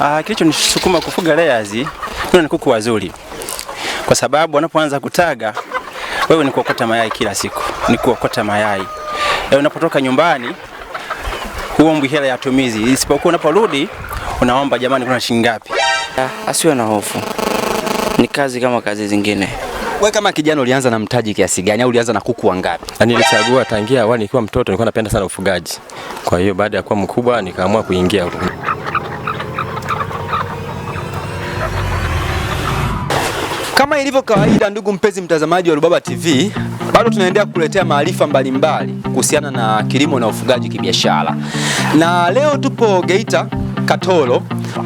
Ah, kilicho nisukuma kufuga layers kuna ni kuku wazuri, kwa sababu wanapoanza kutaga wewe ni kuokota mayai kila siku, ni kuokota mayai. Leo unapotoka nyumbani huombi hela ya tumizi, isipokuwa unaporudi unaomba, jamani, kuna shilingi ngapi? Ah, asiwe na hofu, ni kazi kama kazi zingine. Wewe kama kijana ulianza na mtaji kiasi gani au ulianza na kuku wangapi? Na nilichagua tangia awali nikiwa mtoto, nilikuwa napenda sana ufugaji. Kwa hiyo baada ya kuwa mkubwa nikaamua kuingia huko. Kama ilivyo kawaida, ndugu mpenzi mtazamaji wa Rubaba TV, bado tunaendelea kukuletea maarifa mbalimbali kuhusiana na kilimo na ufugaji kibiashara, na leo tupo Geita Katoro.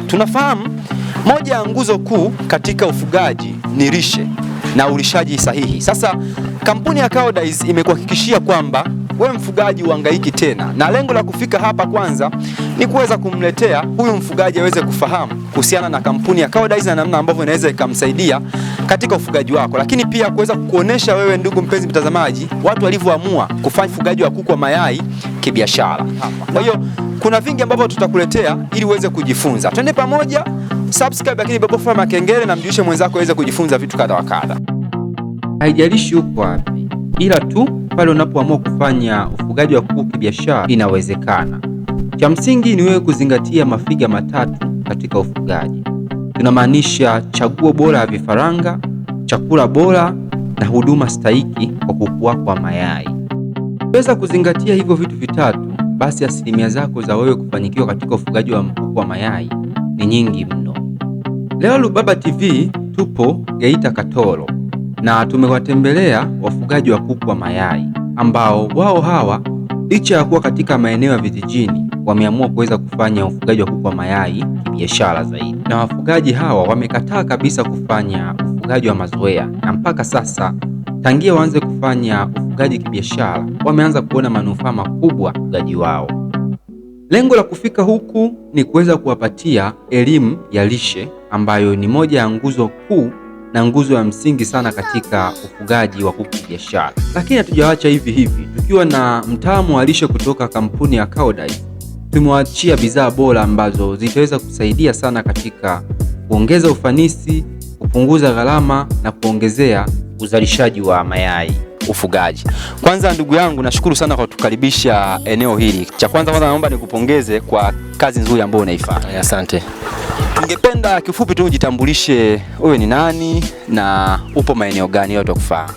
Tunafahamu moja ya nguzo kuu katika ufugaji ni lishe na ulishaji sahihi. Sasa kampuni ya Koudijs imekuhakikishia kwamba we mfugaji uhangaiki tena, na lengo la kufika hapa kwanza ni kuweza kumletea huyu mfugaji aweze kufahamu kuhusiana na kampuni ya Koudijs na namna ambavyo inaweza ikamsaidia katika ufugaji wako, lakini pia kuweza kuonesha wewe, ndugu mpenzi mtazamaji, watu walivyoamua kufanya ufugaji wa kuku wa mayai kibiashara. Kwa hiyo kuna vingi ambavyo tutakuletea ili uweze kujifunza. Twende pamoja, subscribe, lakini bofya makengele na mjulishe mwenzako aweze kujifunza vitu kadha wa kadha. Haijalishi uko wapi, ila tu pale unapoamua kufanya ufugaji wa kuku kibiashara inawezekana. Cha msingi ni wewe kuzingatia mafiga matatu katika ufugaji. Tunamaanisha chaguo bora ya vifaranga, chakula bora na huduma stahiki kwa kuku wako wa mayai. Ukiweza kuzingatia hivyo vitu vitatu, basi asilimia zako za wewe kufanikiwa katika ufugaji wa kuku wa mayai ni nyingi mno. Leo lubaba TV tupo Geita Katoro na tumewatembelea wafugaji wa kuku wa mayai ambao wao hawa Licha ya kuwa katika maeneo ya vijijini, wameamua kuweza kufanya ufugaji wa kuku wa mayai kibiashara zaidi, na wafugaji hawa wamekataa kabisa kufanya ufugaji wa mazoea, na mpaka sasa tangia waanze kufanya ufugaji kibiashara, wameanza kuona manufaa makubwa ufugaji wao. Lengo la kufika huku ni kuweza kuwapatia elimu ya lishe ambayo ni moja ya nguzo kuu na nguzo ya msingi sana katika ufugaji wa kuku biashara. Lakini hatujawacha hivi hivi, tukiwa na mtaalamu wa lishe kutoka kampuni ya Koudijs, tumewaachia bidhaa bora ambazo zitaweza kusaidia sana katika kuongeza ufanisi, kupunguza gharama na kuongezea uzalishaji wa mayai ufugaji. Kwanza ndugu yangu, nashukuru sana kwa kutukaribisha eneo hili. Cha kwanza kwanza, naomba nikupongeze kwa kazi nzuri ambayo unaifanya. Asante. Tungependa kifupi tu ujitambulishe, wewe ni nani na upo maeneo gani watu wakufahamu?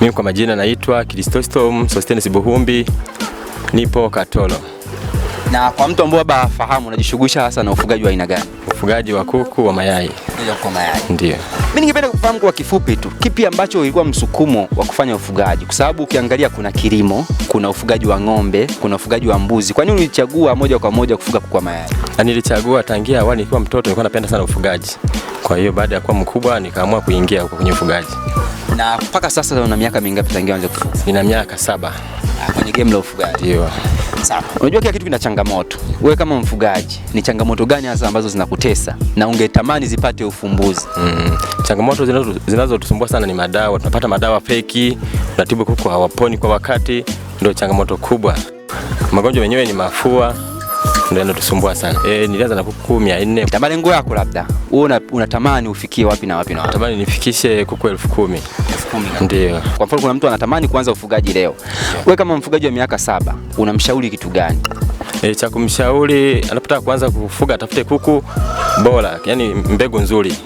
Mimi kwa majina naitwa Christostom Sostenes Buhumbi, nipo katolo Na kwa mtu ambaye baba fahamu unajishughulisha hasa na ufugaji wa aina gani? Ufugaji wa kuku wa mayai. Ndio, kwa mayai. Ndio. Mimi ningependa kufahamu kwa kifupi tu, kipi ambacho ilikuwa msukumo wa kufanya ufugaji? Kwa sababu ukiangalia kuna kilimo, kuna ufugaji wa ng'ombe, kuna ufugaji wa mbuzi. Kwa nini ulichagua moja kwa moja kufuga kwa mayai? Nilichagua tangia awali nikiwa mtoto, nilikuwa napenda sana ufugaji. Kwa hiyo baada ya kuwa mkubwa nikaamua kuingia huko kwenye ufugaji. Na mpaka sasa una miaka mingapi tangia uanze kufuga? Nina miaka saba. Ah, kwenye game la ufugaji. Ndio. Sawa. Unajua kila kitu kina changamoto. Wewe kama mfugaji, ni changamoto gani hasa ambazo zinakutesa na ungetamani zipate ufumbuzi? Mm. Changamoto zinazotusumbua sana ni madawa. Tunapata madawa feki, tunatibu kuku hawaponi kwa wakati, ndio changamoto kubwa. Magonjwa yenyewe ni mafua ndio sana. Eh, nilianza na kuku 400. Labda yako labda wewe unatamani ufikie wapi na wapi na wapi? Natamani nifikishe kuku 10,000. 10,000. Ndio. Kwa mfano kuna mtu anatamani kuanza ufugaji leo. Wewe kama mfugaji wa miaka saba unamshauri kitu gani? E, cha kumshauri anapotaka kuanza kufuga atafute kuku bora, yani mbegu nzuri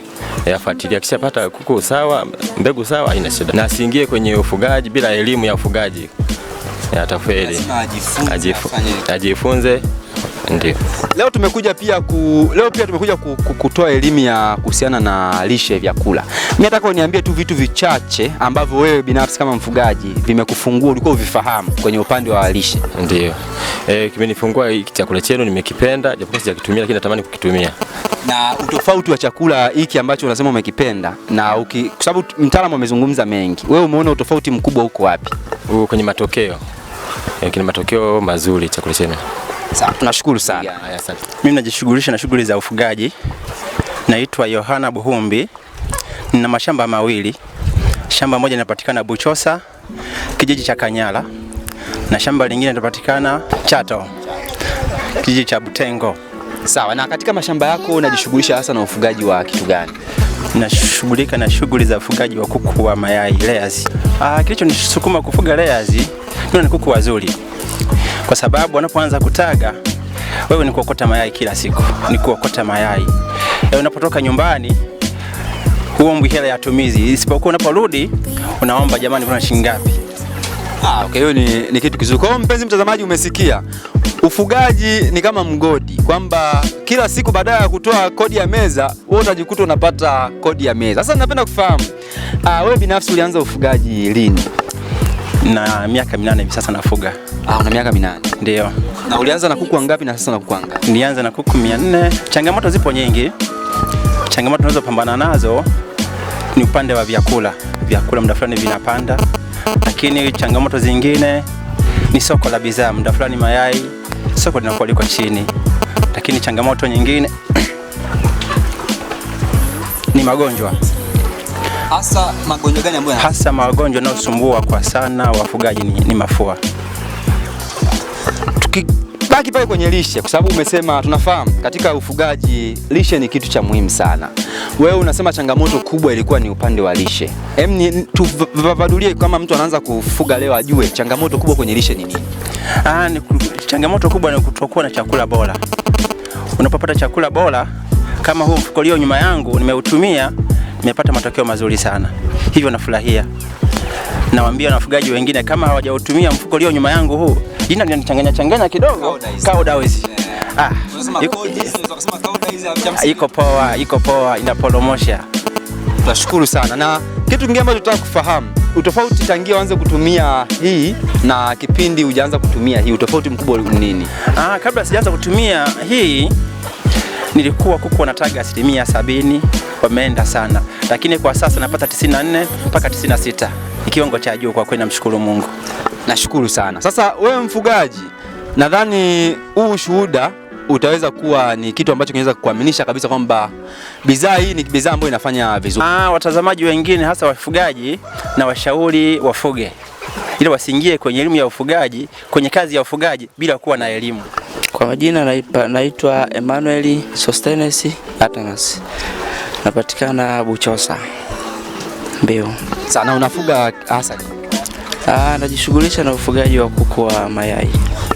yafuatilia eh, akishapata kuku sawa, mbegu sawa, haina shida, na asiingie kwenye ufugaji bila elimu ya ufugaji, eh, atafeli. Ajifunze, ajifunze Ndiyo. Leo tumekuja pia ku, leo pia tumekuja ku, ku, kutoa elimu ya kuhusiana na lishe vyakula. Mimi nataka uniambie tu vitu vichache ambavyo wewe binafsi kama mfugaji vimekufungua ulikuwa uvifahamu kwenye upande wa lishe. Ndiyo. Eh, kimenifungua hiki chakula chenu nimekipenda, japokuwa sijakitumia lakini natamani kukitumia. Na utofauti wa chakula hiki ambacho unasema umekipenda na uki, kwa sababu mtaalamu amezungumza mengi. Wewe umeona utofauti mkubwa huko wapi? Kwenye matokeo. E, kwenye matokeo mazuri chakula chenu. Sawa, tunashukuru sana. Mimi najishughulisha na shughuli za ufugaji. Naitwa Yohana Buhumbi, nina mashamba mawili. Shamba moja linapatikana Buchosa, kijiji cha Kanyala, na shamba lingine linapatikana Chato, kijiji cha Butengo. Sawa, na katika mashamba yako unajishughulisha hasa na ufugaji wa kitu gani? Nashughulika na shughuli za ufugaji wa kuku wa mayai layers. Ah, nisukuma kufuga layers ni kuku wazuri kwa sababu wanapoanza kutaga wewe ni kuokota mayai kila siku, ni kuokota mayai. e, unapotoka nyumbani huombi hela ya tumizi, isipokuwa unaporudi unaomba, jamani, kuna shilingi ngapi? Ah, okay, hiyo ni, ni kitu kizuri. Kwa hiyo mpenzi mtazamaji, umesikia ufugaji ni kama mgodi, kwamba kila siku badala ya kutoa kodi ya meza wewe utajikuta unapata kodi ya meza. Sasa napenda kufahamu, ah, wewe binafsi ulianza ufugaji lini? na miaka minane hivi sasa nafuga. Ah, una miaka minane? Ndio. Na ulianza na kuku wangapi na sasa na kuku wangapi? Nilianza na kuku 400. Changamoto zipo nyingi, changamoto pambana nazo ni upande wa vyakula, vyakula muda fulani vinapanda, lakini changamoto zingine ni soko la bidhaa, muda fulani mayai soko linakuwa liko chini, lakini changamoto nyingine ni magonjwa Hasa magonjwa gani ambayo hasa magonjwa yanayosumbua kwa sana wafugaji ni, ni mafua. Tukibaki pale kwenye lishe, kwa sababu umesema, tunafahamu katika ufugaji lishe ni kitu cha muhimu sana. Wewe unasema changamoto kubwa ilikuwa ni upande wa lishe, hem, tuvadulie kama mtu anaanza kufuga leo ajue changamoto kubwa kwenye lishe ni nini? Ah, ni changamoto kubwa ni kutokuwa na chakula bora. Unapopata chakula bora kama huu mfuko ulio nyuma yangu nimeutumia nimepata matokeo mazuri sana, hivyo nafurahia. Nawaambia na wafugaji wengine kama hawajautumia mfuko ulio nyuma yangu huu, jina linanichanganya changanya kidogo, ah. Koudijs. Ah, iko poa, iko poa, inapolomosha. Tunashukuru sana. Na kitu kingine ambacho tunataka kufahamu utofauti tangia uanze kutumia hii na kipindi hujaanza kutumia hii, utofauti mkubwa ni nini? Ah, kabla sijaanza kutumia hii Nilikuwa kuku wanataga asilimia sabini, wameenda sana, lakini kwa sasa napata 94 mpaka 96. Ni kiwango cha juu kwa kweli, namshukuru Mungu. Nashukuru sana. Sasa wewe mfugaji, nadhani huu shuhuda utaweza kuwa ni kitu ambacho kinaweza kuaminisha kabisa kwamba bidhaa hii ni bidhaa ambayo inafanya vizuri. Ah, watazamaji wengine hasa wafugaji na washauri wafuge, ili wasiingie kwenye elimu ya ufugaji, kwenye kazi ya ufugaji bila kuwa na elimu. Kwa majina naitwa Emmanuel Sostenes Atanas, napatikana Buchosa Mbeo. sana. Unafuga hasa? Ah, najishughulisha na ufugaji wa kuku wa mayai.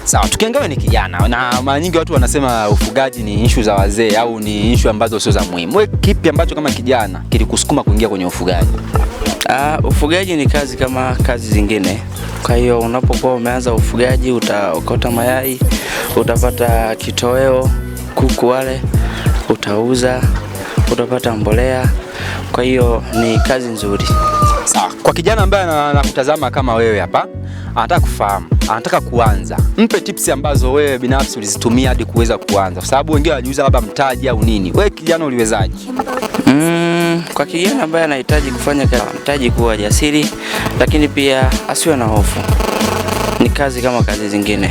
Sawa, tukiangalia ni kijana na mara nyingi watu wanasema ufugaji ni ishu za wazee au ni ishu ambazo sio za muhimu. Wewe kipi ambacho kama kijana kilikusukuma kuingia kwenye ufugaji? Uh, ufugaji ni kazi kama kazi zingine. Kwa hiyo unapokuwa umeanza ufugaji, utaokota mayai, utapata kitoweo, kuku wale utauza, utapata mbolea. Kwa hiyo ni kazi nzuri. Sawa. Kwa kijana ambaye anakutazama kama wewe hapa, anataka kufahamu, anataka kuanza, mpe tips ambazo wewe binafsi ulizitumia hadi kuweza kuanza, kwa sababu wengine wanajiuliza labda mtaji au nini. Wewe kijana uliwezaje? Mm, kwa kijana ambaye anahitaji kufanya kazi, anahitaji kuwa jasiri, lakini pia asiwe na hofu. Ni kazi kama kazi zingine.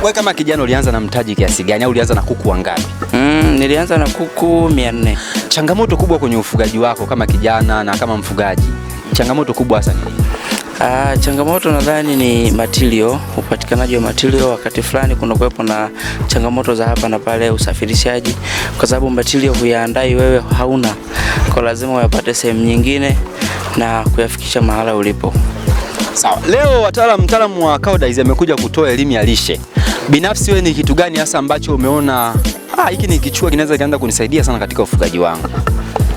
Wewe kama kijana ulianza na mtaji kiasi gani au ulianza na kuku wangapi? Mm, nilianza na kuku 400. Changamoto kubwa kwenye ufugaji wako kama kijana na kama mfugaji, changamoto kubwa hasa nini? Uh, changamoto nadhani ni matilio, upatikanaji wa matilio. Wakati fulani kuna kuwepo na changamoto za hapa na pale, usafirishaji, kwa sababu matilio huyaandai wewe, hauna kwa lazima uyapate sehemu nyingine na kuyafikisha mahala ulipo. Sawa. Leo wataalamu, mtaalamu wa Koudijs amekuja kutoa elimu ya lishe. Binafsi wewe ni kitu gani hasa ambacho umeona ah, hiki ah, ni kichua kinaweza kianza kunisaidia sana katika ufugaji wangu?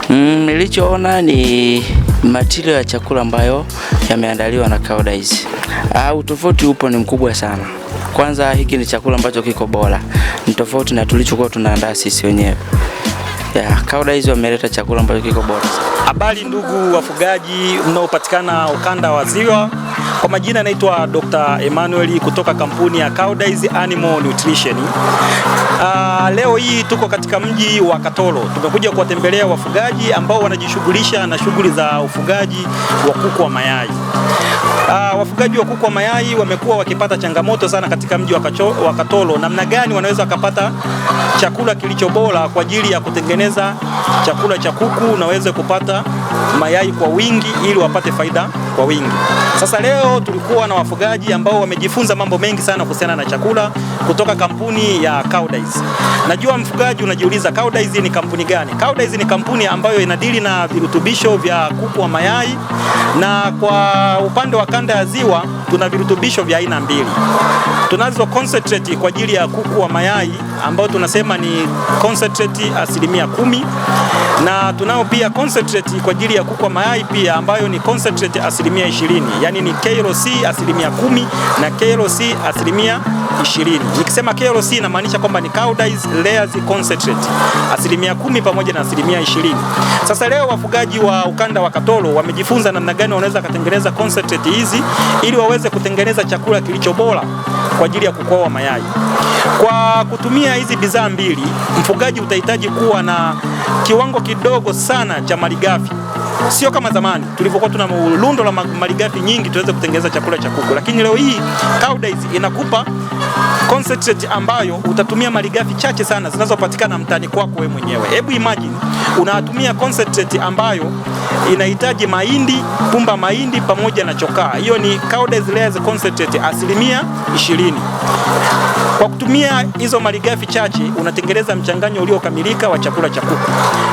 Mm, nilichoona ni material ya chakula ambayo yameandaliwa na Koudijs. Uh, ah, utofauti upo ni mkubwa sana. Kwanza hiki ni chakula ambacho kiko bora, ni tofauti na tulichokuwa tunaandaa sisi wenyewe. Yeah, hizi wameleta chakula ambacho kiko bora. Habari ndugu wafugaji mnaopatikana ukanda wa Ziwa, kwa majina naitwa Dr. Emmanuel kutoka kampuni ya Koudijs Animal Nutrition. Uh, leo hii tuko katika mji wa Katoro. Tumekuja kuwatembelea wafugaji ambao wanajishughulisha na shughuli za ufugaji wa kuku wa mayai. Uh, wafugaji wa kuku wa mayai wamekuwa wakipata changamoto sana katika mji wa Katoro, namna gani wanaweza wakapata chakula kilicho bora kwa ajili ya kutengeneza chakula cha kuku na waweze kupata mayai kwa wingi ili wapate faida kwa wingi. Sasa leo tulikuwa na wafugaji ambao wamejifunza mambo mengi sana kuhusiana na chakula kutoka kampuni ya Koudijs. Cowdays. Najua mfugaji unajiuliza Cowdays ni kampuni gani? Cowdays ni kampuni ambayo inadili na virutubisho vya kuku wa mayai, na kwa upande wa kanda ya Ziwa tuna virutubisho vya aina mbili tunazo concentrate kwa ajili ya kuku wa mayai ambao tunasema ni concentrate asilimia kumi, na tunao pia concentrate kwa ajili ya kuku mayai pia ambayo ni concentrate asilimia ishirini, yani ni KLC asilimia kumi na KLC asilimia ishirini. Nikisema KLC inamaanisha kwamba ni Cowdice Layers Concentrate asilimia kumi pamoja na asilimia ishirini. Sasa leo wafugaji wa ukanda wa Katoro wamejifunza namna gani wanaweza kutengeneza concentrate hizi ili waweze kutengeneza chakula kilicho bora kwa ajili ya kukoa mayai. Kwa kutumia hizi bidhaa mbili, mfugaji utahitaji kuwa na kiwango kidogo sana cha malighafi sio kama zamani tulivyokuwa tuna lundo la malighafi nyingi tuweze kutengeneza chakula cha kuku, lakini leo hii Koudijs inakupa concentrate ambayo utatumia malighafi chache sana zinazopatikana mtaani kwako wewe mwenyewe. Hebu imagine unatumia concentrate ambayo inahitaji mahindi, pumba mahindi pamoja na chokaa. Hiyo ni Koudijs layers concentrate asilimia 20. Kwa kutumia hizo malighafi chache unatengeneza mchanganyo uliokamilika wa chakula cha kuku.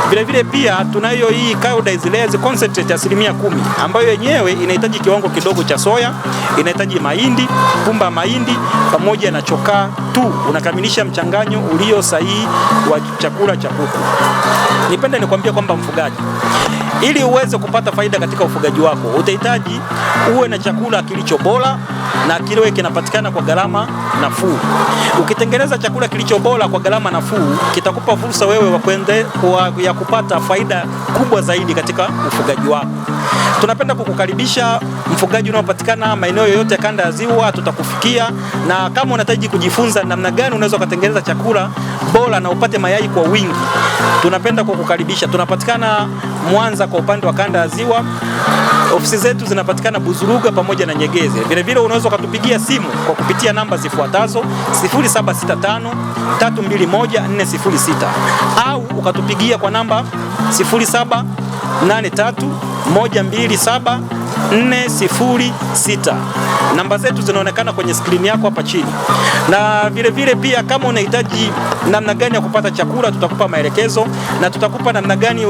Vilevile pia tunayo hii Koudijs layers concentrate asilimia kumi ambayo yenyewe inahitaji kiwango kidogo cha soya, inahitaji mahindi, pumba mahindi pamoja na chokaa tu, unakamilisha mchanganyo ulio sahihi wa chakula cha kuku. Nipende nikwambie kwamba mfugaji ili uweze kupata faida katika ufugaji wako, utahitaji uwe na chakula kilicho bora na kile kinapatikana kwa gharama nafuu. Ukitengeneza chakula kilicho bora kwa gharama nafuu, kitakupa fursa wewe wa kuende, wa, ya kupata faida kubwa zaidi katika ufugaji wako. Tunapenda kukukaribisha mfugaji unaopatikana maeneo yoyote ya kanda ya ziwa, tutakufikia na kama unahitaji kujifunza namna gani unaweza ukatengeneza chakula bora na upate mayai kwa wingi, tunapenda kukukaribisha. Tunapatikana Mwanza kwa upande wa kanda ya ziwa, ofisi zetu zinapatikana Buzuruga pamoja na nyegeze Vilevile unaweza ukatupigia simu kwa kupitia namba zifuatazo 0765 321 406 au ukatupigia kwa namba 0783 127 406. Namba zetu zinaonekana kwenye skrini yako hapa chini, na vilevile vile pia, kama unahitaji namna gani ya kupata chakula, tutakupa maelekezo na tutakupa namna gani,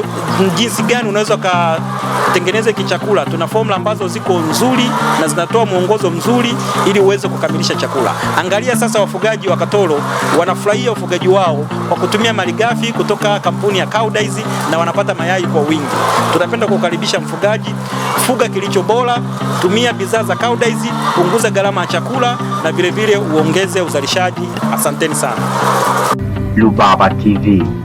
jinsi gani unaweza ukatengeneza hiki chakula. Tuna formula ambazo ziko nzuri na zinatoa mwongozo mzuri ili uweze kukamilisha chakula. Angalia sasa, wafugaji wa Katoro wanafurahia ufugaji wao kwa kutumia malighafi kutoka kampuni ya Koudijs na wanapata mayai kwa wingi. Tunapenda kukaribisha mfugaji, fuga kilicho lishe bora, tumia bidhaa za Koudijs, punguza gharama ya chakula na vilevile uongeze uzalishaji. Asanteni sana. Rubaba TV.